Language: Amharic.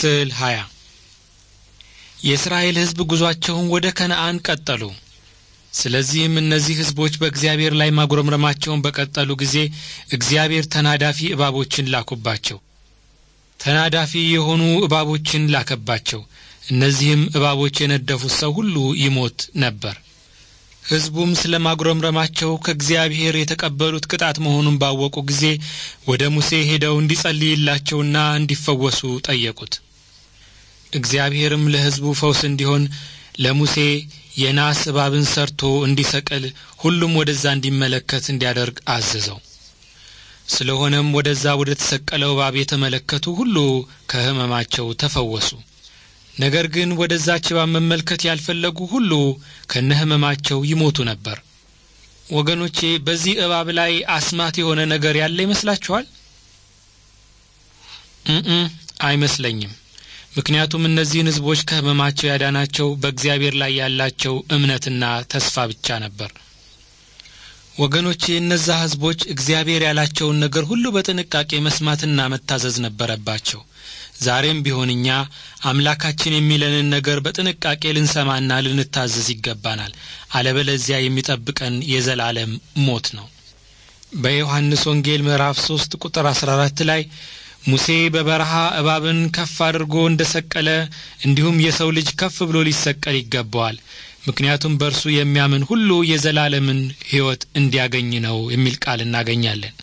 ምስል 20 የእስራኤል ሕዝብ ጉዟቸውን ወደ ከነአን ቀጠሉ። ስለዚህም እነዚህ ሕዝቦች በእግዚአብሔር ላይ ማጉረምረማቸውን በቀጠሉ ጊዜ እግዚአብሔር ተናዳፊ እባቦችን ላኩባቸው። ተናዳፊ የሆኑ እባቦችን ላከባቸው። እነዚህም እባቦች የነደፉት ሰው ሁሉ ይሞት ነበር። ሕዝቡም ስለ ማጉረምረማቸው ከእግዚአብሔር የተቀበሉት ቅጣት መሆኑን ባወቁ ጊዜ ወደ ሙሴ ሄደው እንዲጸልይላቸውና እንዲፈወሱ ጠየቁት። እግዚአብሔርም ለሕዝቡ ፈውስ እንዲሆን ለሙሴ የናስ እባብን ሰርቶ እንዲሰቅል ሁሉም ወደዛ እንዲመለከት እንዲያደርግ አዘዘው። ስለሆነም ወደዛ ወደ ተሰቀለው እባብ የተመለከቱ ሁሉ ከሕመማቸው ተፈወሱ። ነገር ግን ወደዛች እባብ መመልከት ያልፈለጉ ሁሉ ከነ ሕመማቸው ይሞቱ ነበር። ወገኖቼ በዚህ እባብ ላይ አስማት የሆነ ነገር ያለ ይመስላችኋል? አይመስለኝም። ምክንያቱም እነዚህን ህዝቦች ከህመማቸው ያዳናቸው በእግዚአብሔር ላይ ያላቸው እምነትና ተስፋ ብቻ ነበር። ወገኖቼ እነዛ ህዝቦች እግዚአብሔር ያላቸውን ነገር ሁሉ በጥንቃቄ መስማትና መታዘዝ ነበረባቸው። ዛሬም ቢሆን እኛ አምላካችን የሚለንን ነገር በጥንቃቄ ልንሰማና ልንታዘዝ ይገባናል። አለበለዚያ የሚጠብቀን የዘላለም ሞት ነው። በዮሐንስ ወንጌል ምዕራፍ 3 ቁጥር 14 ላይ ሙሴ በበረሃ እባብን ከፍ አድርጎ እንደ ሰቀለ እንዲሁም የሰው ልጅ ከፍ ብሎ ሊሰቀል ይገባዋል። ምክንያቱም በእርሱ የሚያምን ሁሉ የዘላለምን ሕይወት እንዲያገኝ ነው የሚል ቃል እናገኛለን።